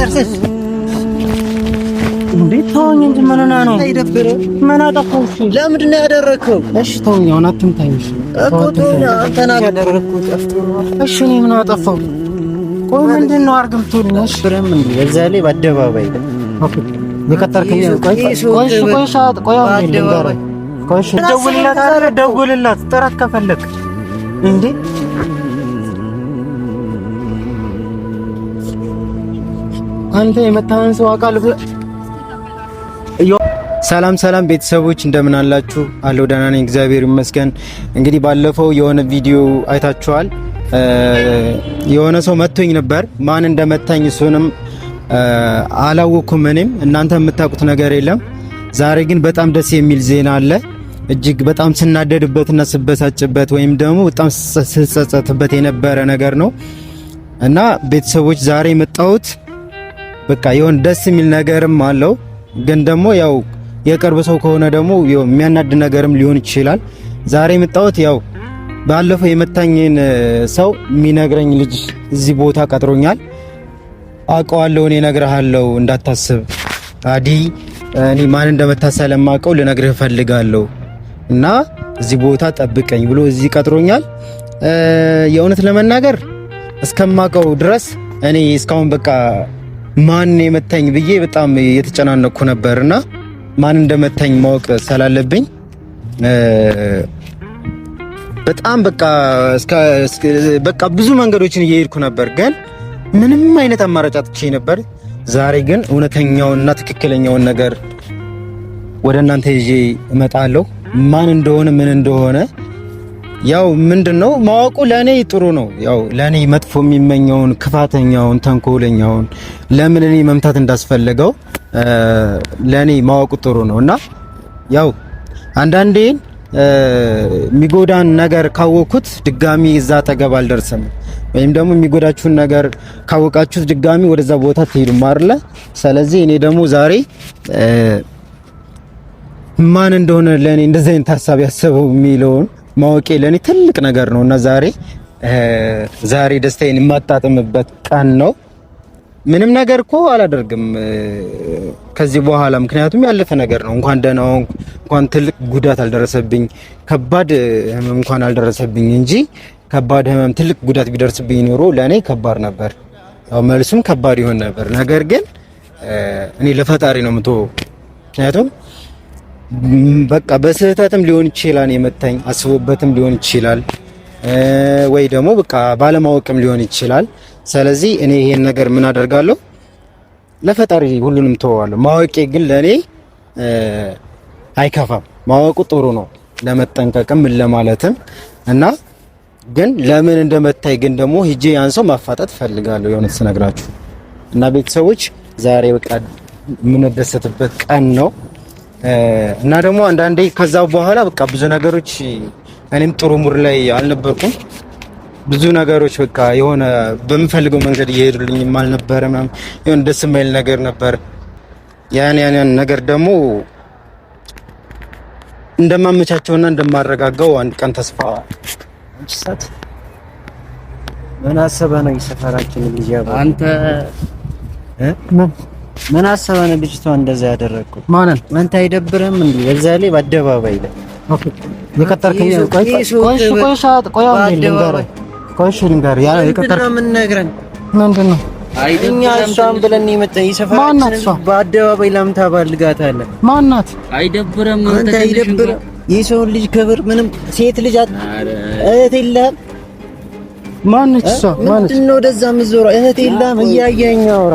ተርሴስ እንዴ ተወኝ እንጂ ምን ሆነህ ነው? ይደብረ ምን አጠፋሁ? እሺ ለምንድን ነው ያደረግከው? እሺ ተወኝ። አሁን አትምታኝ። እሺ እኮ ተወኝ። አንተና ያደረግኩት ጠፍቶ። እሺ እኔ ምን አጠፋሁ? ቆይ ምንድን ነው አድርግ የምትውልኝ? እሺ ብረም እንዴ በዛ ላይ በአደባባይ የቀጠርከኝ። ቆይ ቆይ ቆይ ሰዓት ቆይ አሁን ልንገርህ። ቆይ ደውልላት፣ ደውልላት ጥራት ከፈለክ እንዴ አንተ የመታህን ሰው አውቃለሁ። ሰላም ሰላም ቤተሰቦች እንደምን አላችሁ? አለው ደህና ነኝ እግዚአብሔር ይመስገን። እንግዲህ ባለፈው የሆነ ቪዲዮ አይታችኋል። የሆነ ሰው መቶኝ ነበር። ማን እንደመታኝ እሱንም አላወኩም እኔም እናንተ የምታውቁት ነገር የለም። ዛሬ ግን በጣም ደስ የሚል ዜና አለ። እጅግ በጣም ስናደድበትና ስበሳጭበት ወይም ደግሞ በጣም ስጸጸትበት የነበረ ነገር ነው እና ቤተሰቦች ዛሬ የመጣሁት በቃ የሆን ደስ የሚል ነገርም አለው። ግን ደግሞ ያው የቅርብ ሰው ከሆነ ደግሞ የሚያናድ ነገርም ሊሆን ይችላል። ዛሬ የመጣሁት ያው ባለፈው የመታኝን ሰው የሚነግረኝ ልጅ እዚህ ቦታ ቀጥሮኛል። አውቀዋለሁ፣ እኔ እነግርሃለሁ፣ እንዳታስብ አዲ፣ እኔ ማን እንደመታ ስለማውቀው ልነግርህ እፈልጋለሁ እና እዚህ ቦታ ጠብቀኝ ብሎ እዚህ ቀጥሮኛል። የእውነት ለመናገር እስከማውቀው ድረስ እኔ እስካሁን በቃ ማን የመታኝ ብዬ በጣም ነበር እና ማን እንደመታኝ ማወቅ ስላለብኝ በጣም በቃ በቃ ብዙ መንገዶችን እየሄድኩ ነበር፣ ግን ምንም አይነት አማራጭ አጥቼ ነበር። ዛሬ ግን እውነተኛውንና ትክክለኛውን ነገር ወደ እናንተ ይዤ እመጣለሁ። ማን እንደሆነ ምን እንደሆነ ያው ምንድነው ማወቁ ለኔ ጥሩ ነው። ያው ለኔ መጥፎ የሚመኘውን ክፋተኛውን፣ ተንኮለኛውን ለምን እኔ መምታት እንዳስፈለገው ለኔ ማወቁ ጥሩ ነው እና ያው አንዳንዴ የሚጎዳን ነገር ካወቁት ድጋሚ እዛ አጠገብ አልደርስም፣ ወይም ደግሞ የሚጎዳችሁን ነገር ካወቃችሁት ድጋሚ ወደዛ ቦታ ትሄዱም አይደለ? ስለዚህ እኔ ደግሞ ዛሬ ማን እንደሆነ ለኔ እንደዚህ አይነት ሀሳብ ያሰበው የሚለውን ማወቄ ለእኔ ትልቅ ነገር ነው እና ዛሬ ዛሬ ደስታዬን የማጣጥምበት ቀን ነው። ምንም ነገር እኮ አላደርግም ከዚህ በኋላ ምክንያቱም ያለፈ ነገር ነው። እንኳን ደህና ሆንኩ፣ እንኳን ትልቅ ጉዳት አልደረሰብኝ፣ ከባድ ህመም እንኳን አልደረሰብኝ እንጂ ከባድ ህመም ትልቅ ጉዳት ቢደርስብኝ ኖሮ ለእኔ ከባድ ነበር፣ ያው መልሱም ከባድ ይሆን ነበር። ነገር ግን እኔ ለፈጣሪ ነው ምቶ ምክንያቱም በቃ በስህተትም ሊሆን ይችላል የመታኝ፣ አስቦበትም ሊሆን ይችላል ወይ ደግሞ በቃ ባለማወቅም ሊሆን ይችላል። ስለዚህ እኔ ይሄን ነገር ምን አደርጋለሁ ለፈጣሪ ሁሉንም ተወዋለሁ። ማወቄ ግን ለእኔ አይከፋም። ማወቁ ጥሩ ነው ለመጠንቀቅም ምን ለማለትም እና ግን ለምን እንደመታይ ግን ደግሞ ሂጄ ያን ሰው ማፋጠጥ ፈልጋለሁ የሆነ ስነግራችሁ እና ቤተሰቦች ዛሬ በቃ የምንደሰትበት ቀን ነው። እና ደግሞ አንዳንዴ ከዛ በኋላ በቃ ብዙ ነገሮች እኔም ጥሩ ሙር ላይ አልነበርኩም። ብዙ ነገሮች በቃ የሆነ በምፈልገው መንገድ እየሄዱልኝም አልነበረ ምናምን የሆነ ደስ የማይል ነገር ነበር። ያን ያን ነገር ደግሞ እንደማመቻቸውና እንደማረጋጋው አንድ ቀን ተስፋ አንቺሳት ምን አሰበ ነው የሰፈራችን ልጅ አንተ ምን ነው ልጅቷ እንደዛ ያደረግኩት ማንን አንተ አይደብርህም እንዴ? በዛ ላይ በአደባባይ ላይ የቀጠርከኝ ቆይ ቆይ ሰዓት ቆይ የሰው ልጅ ክብር ምንም ሴት ልጅ እህት የለህም። ማነች እሷ? ምንድን ነው ወደዛ የምትዞረው? እህት የለህም። እያየኸኝ አውራ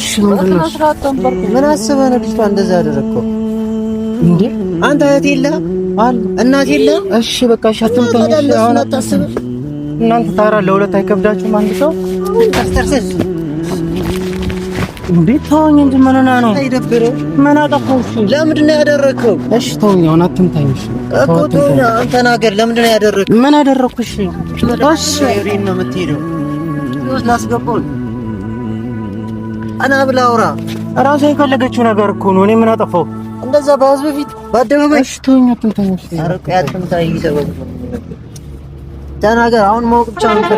እሺ ምንድን ነው? ምን አስበህ ነው ልጅቷ እንደዛ ያደረግከው? እንዴ አንተ እህት የለህም አሉ እናት የለህም? እሺ በቃ እሺ፣ አትምታኝ። አሁን አታስብ። እናንተ ታራ ለሁለት አይከብዳችሁም? አንድ ሰው ተስተርሰስ እንዴ ተወኝ እንጂ ምን ሆነህ ነው? አይደብርህ? ምን አጠፋሁ? እሺ ለምንድን ነው ያደረግከው? እሺ ተወኝ፣ አሁን አትምታኝ። እሺ እኮ ተወኝ፣ አንተ ተናገር። ለምንድን ነው ያደረግከው? ምን አደረግኩ? እሺ እሺ፣ ነው የምትሄደው ላስገባው ነው ቀና ብላ አውራ። እራሷ የፈለገችው ነገር እኮ ነው። እኔ ምን አጠፋው? እንደዛ በህዝብ ፊት በአደባባይ ሽቶኛ ተንተንሽ ተናገር። አሁን ማወቅ ብቻ ነው።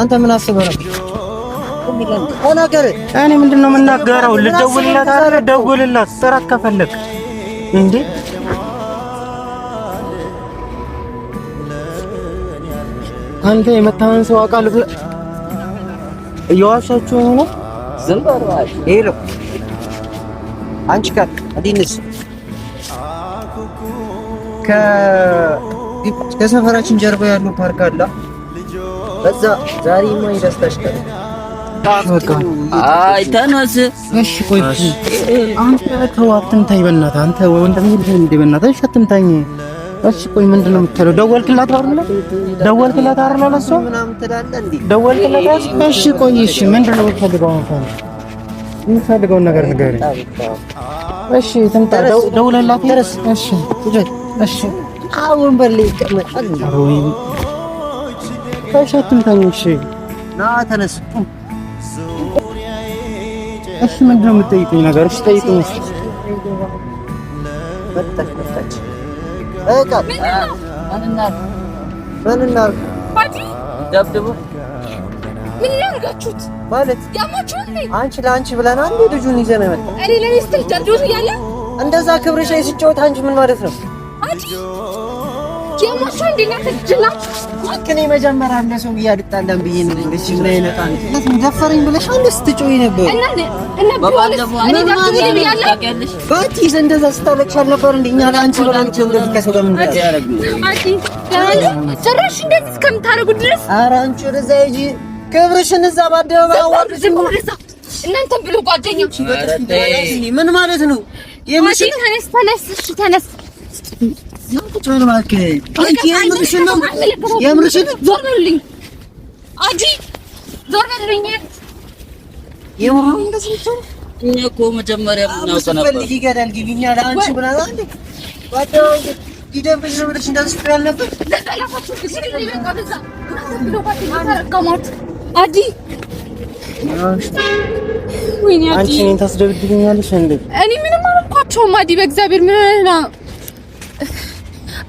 አንተ ምን አስበህ ነው? ተናገር። እኔ ምንድን ነው የምናገረው? ልደውልላት ደውልላት ጥራት ከፈለግ እንዴ አንተ የመታህን ሰው አውቃለሁ ብለህ እየዋሻችሁ ነው። ዝም በል እባክህ። ሄሎ አንቺ ጋር አዲንስ ከ ከሰፈራችን ጀርባ ያለው ፓርክ አለ። በዛ ዛሬ ማን ይደስታሽ ከ አይ ተነስ። እሺ ቆይ አንተ ተው አትምታኝ፣ በእናትህ አንተ ወንድም ልጅ በእናትህ እሺ አትምታኝ እሺ ቆይ ምንድን ነው የምትለው? ደወልክላት አይደል? ደወልክላት አይደል? ለእሷ ደወልክላት? እሺ ቆይ እሺ ምንድን ነው የምትፈልገው? የምትፈልገውን ነገር ንገረኝ። እሺ ትምጣ። ደውለላት። እሺ እሺ አሁን ላይ ይቀመጣል። እሺ አትምታኝ። እሺ ና ተነስ። እሺ ምንድን ነው የምትጠይቁኝ ነገር? እሺ ጠይቁኝ። ምን እናድርግ? ደብድቡ። ምን ማለት ያማችሁ አንቺ ለአንቺ ብለን አንዴ ልጁን ይዘህ ነው እኔ ስትል ደብድቡት እያለ እንደዛ ክብርሽ ላይ ስጫወት አንቺ ምን ማለት ነው? ያማችሁ እንዴ? እናንተ ጅላችሁ እኔ መጀመሪያ እንደ ሰው እያድጣለን ብዬ ነው እንዴ? ሲም ላይ ነጣን ደፈረኝ ብለሽ አንድ ስትጮይ ነበር እኔ ባቲ እንደዛ ስታለቅሽ አልነበር እንዴ? እኛ ለአንቺ ብለን እንደዚህ ከሰው ጋር ምን ታደርጊ? ጭራሽ እንደዚህ እስከምታደርጉ ድረስ ኧረ አንቺ ወደዛ ሂጂ፣ ክብርሽን እዛ በአደባባይ አዋርድ። ብሎ ምን ማለት ነው? ተነስ ተነስ ተነስ አንቺን ታስደብድብኛለሽ እንዴ? እኔ ምንም አልኳቸውም። አዲ በእግዚአብሔር ምን ነው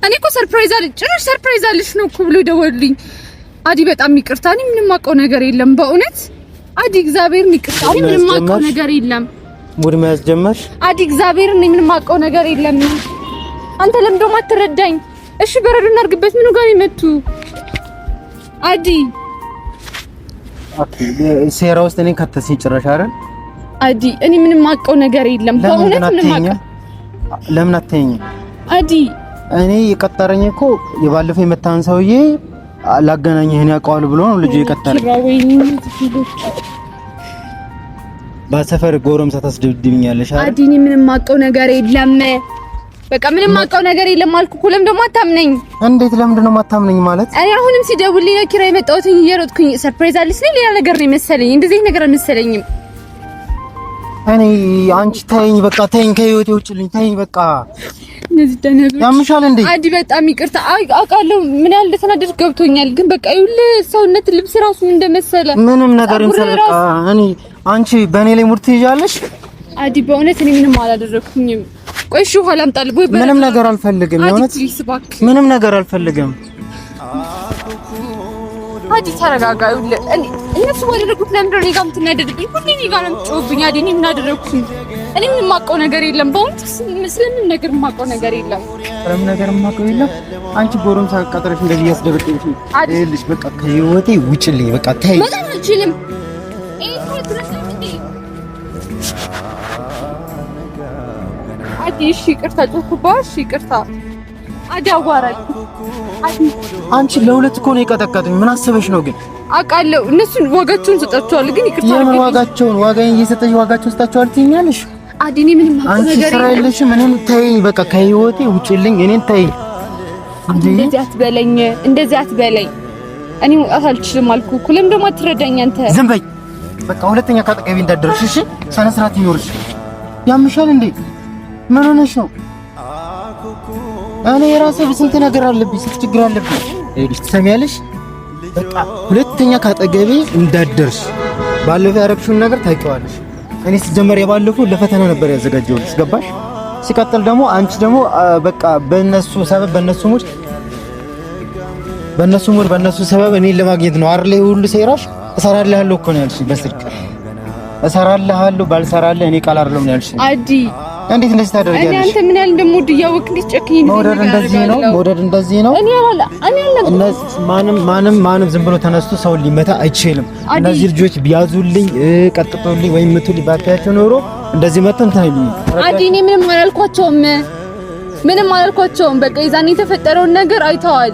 እኔ እኮ ሰርፕራይዝ አለ ጭራሽ ሰርፕራይዝ አለሽ ነው እኮ ብሎ ደወልኝ። አዲ በጣም ይቅርታ፣ እኔ ምንም ማውቀው ነገር የለም በእውነት አዲ እግዚአብሔርን ይቅርታ፣ እኔ ምንም ማውቀው ነገር የለም። ሙድ መያዝ ጀመርሽ? አዲ እግዚአብሔርን እኔ ምንም ማውቀው ነገር የለም። አንተ ለምዶ ማትረዳኝ። እሺ በረዶ እናድርግበት። ምኑ ጋር የመቱ አዲ ሴራ ውስጥ እኔ ከተሰኝ ጭራሽ አይደል አዲ፣ እኔ ምንም ማውቀው ነገር የለም በእውነት ምንም ማውቀው ለምን አትተኝም አዲ እኔ የቀጠረኝ እኮ የባለፈው የመታን ሰውዬ ላገናኝ እኔ አውቀዋለሁ ብሎ ነው ልጁ የቀጠረኝ። በሰፈር ጎረምሳ ታስደብድብኛለሽ አይደል? አዲኒ ምንም አውቀው ነገር የለም። በቃ ምንም አውቀው ነገር የለም አልኩ እኮ። ለምን ደግሞ አታምነኝ? እንዴት ለምንድን ነው የማታምነኝ? ማለት እኔ አሁንም ሲደውልልኝ ነው ኪራይ የመጣሁት እየሮጥኩኝ። ሰርፕራይዝ አለስኝ ነኝ ሌላ ነገር ነው የመሰለኝ። እንደዚህ ነገር አልመሰለኝም። እኔ አንቺ ተይኝ፣ በቃ ተይኝ፣ ከህይወቴ ውጭልኝ፣ ተይኝ በቃ። እነዚህ ደነብሮች ያምሻል እንዴ? አዲ በጣም ይቅርታ አውቃለሁ፣ ምን ያህል እንደተናደድኩ ገብቶኛል። ግን በቃ ይኸውልህ ሰውነት ልብስ ራሱ ምን እንደመሰለ ምንም ነገር እንሰለቃ። እኔ አንቺ በእኔ ላይ ሙድ ትይዣለሽ አዲ። በእውነት እኔ ምንም አላደረኩኝም። ቆይ እሺ፣ ውሃ ላምጣልህ ምንም ነገር አልፈልግም፣ ምንም ነገር አልፈልግም። ባቲ ተረጋጋ። እነሱ ባደረጉት ለምንድን ነው እኔ ጋር የምትናደድብኝ? ሁሌ እኔ ጋር ነው የምትጮህብኝ። እኔ ምን አደረግኩት? እኔ ምን የማውቀው ነገር የለም። በእውነት ስለምን ነገር የማውቀው ነገር የለም። ስለምን ነገር የማውቀው የለም። አንቺ ጎረምሳ ቀጥረሽ እንደዚህ እያስደበደብሽ አይደልሽ? በቃ ከህይወቴ ውጭልኝ። በቃ ተይ። መጣን አልችልም። ይቅርታ ጮኩባ። እሺ ይቅርታ አዳጓራል አንቺ ለሁለት እኮ ነው የቀጠቀጡኝ። ምን አሰበሽ ነው ግን? አውቃለሁ እነሱን ዋጋቸውን ሰጣቸዋል። ግን ይቅርታ የምን ዋጋቸውን ዋጋዬን እየሰጠሽ ዋጋቸውን ሰጣቸዋል ትይኛለሽ? አዲኔ ምንም አንቺ ስራ የለሽም። እኔን ተይኝ በቃ ከህይወቴ ውጪልኝ። እኔን ተይኝ። እንደዚህ አትበለኝ፣ እንደዚህ አትበለኝ። እኔ መውጣት አልችልም አልኩህ እኮ። ለምን ደግሞ አትረዳኝ አንተ? ዝም በይ በቃ። ሁለተኛ ካጠገቤ እንዳትደርሽ እሺ? ስነ ስርዓት ይኖርሽ። ያምሻል እንዴ? ምን ሆነሽ ነው? እኔ የራሴ በስንት ነገር አለብኝ፣ ስንት ችግር አለብኝ። ትሰሚያለሽ፣ በቃ ሁለተኛ ካጠገቤ እንዳትደርሽ። ባለፈው ያረግሽውን ነገር ታውቂዋለሽ። እኔ ስጀመር የባለፈው ለፈተና ነበር ያዘጋጀሁልሽ፣ ገባሽ? ሲቀጥል ደግሞ አንቺ ደግሞ በቃ በእነሱ ሰበብ በእነሱ ሙድ በእነሱ ሙድ በእነሱ ሰበብ እኔን ለማግኘት ነው አይደል? ሁሉ ሴራሽ እሰራልሃለሁ እኮ ነው ያልሽኝ፣ በስልክ እሰራልሃለሁ፣ ባልሰራልህ እኔ ቃል አይደለም ነው ያልሽኝ አዲ እንዴት እንደዚህ ታደርጊያለሽ? አንተ ምን ያህል እንደምወድ እያወቅህ እንዴት ጨክኝ። መውደድ እንደዚህ ነው፣ መውደድ እንደዚህ ነው። እኔ አላ አላ እነዚህ ማንም ማንም ማንም ዝም ብሎ ተነስቶ ሰው ሊመታ አይችልም። እነዚህ ልጆች ቢያዙልኝ ቀጥቶልኝ ወይም ምቱልኝ ባታያቸው ኖሮ እንደዚህ መተን ታይልኝ። አዲ እኔ ምንም አላልኳቸውም፣ ምንም አላልኳቸውም። በቃ የዛኔ የተፈጠረውን ነገር አይተዋል።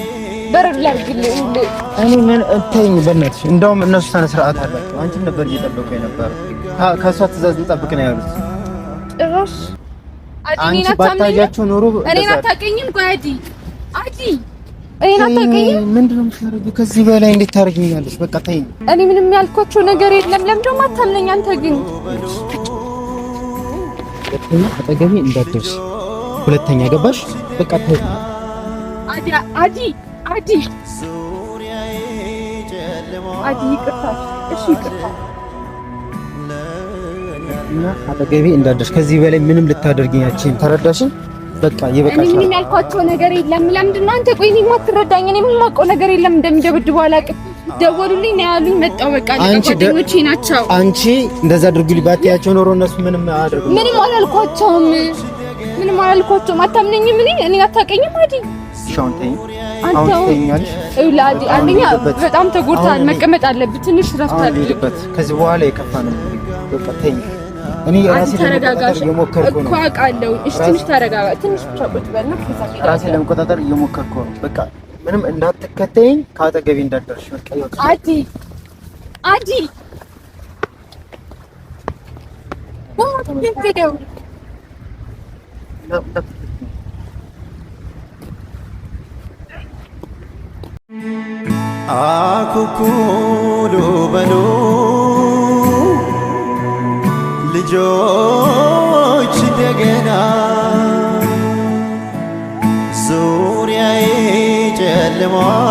በር ላድርግልህ። እኔ ምን እተኝ፣ በእናትሽ እንደውም እነሱ ስነ ስርዓት አላቸው። አንቺም ነበር እየጠበቁ የነበረ ከእሷ ትእዛዝ እንጠብቅ ነው ያሉት። ጭራሽ አንቺ ባታያቸው ኑሮ እኔን አታውቅኝም። ቆይ አዲ አዲ ከዚህ በላይ እንዴት ታደርጊኛለሽ? በቃ ተይኝ። እኔ ምንም ያልኳቸው ነገር የለም። ለምንድን ነው አንተ ግን አጠገቤ እንዳትደርስ ሁለተኛ ገባሽ? በቃ ተይኝ አዲ አዲ አዲ አዲ ይቅርታ፣ እሺ ይቅርታ። እና አጠገቤ እንዳደርሽ ከዚህ በላይ ምንም ልታደርግኛችን፣ ተረዳሽን? በቃ ይበቃ። እኔ ምንም ያልኳቸው ነገር የለም። ለምንድን ነው አንተ? ቆይ እኔ የማትረዳኝ እኔ የማውቀው ነገር የለም። እንደሚደብድቡ አላውቅም። ደወሉልኝ ነው ያሉኝ። መጣሁ በቃ። አንቺ ጓደኞቼ ናቸው። አንቺ እንደዛ አድርጉልኝ ባትያቸው ኖሮ እነሱ ምንም አያደርጉም። ምንም አላልኳቸውም። ምንም አላልኳቸውም። አታምነኝም። እኔ እኔ አታውቀኝም። አዲ ሻውንቴ አንደኛ በጣም ተጎድተሃል። መቀመጥ አለብህ። ትንሽ ረፍት አለበት። ከዚህ በኋላ የከፋ ነው። በቃ ተኝ። እኔ ራሴ ለመቆጣጠር እየሞከርኩ ነው እኮ አውቃለሁ። እሺ፣ ትንሽ ተረጋጋ። ትንሽ ብቻ ቁጭ በልና ራሴ ለመቆጣጠር እየሞከርኩ ነው። በቃ ምንም እንዳትከተይኝ፣ ከአጠገቤ እንዳትደርሽ። በቃ ይወጣ አዲ፣ አዲ ወጥ ይፈደው አኩኩሉ በሉ ልጆች እንደገና ዙሪያዬ ጨልሟል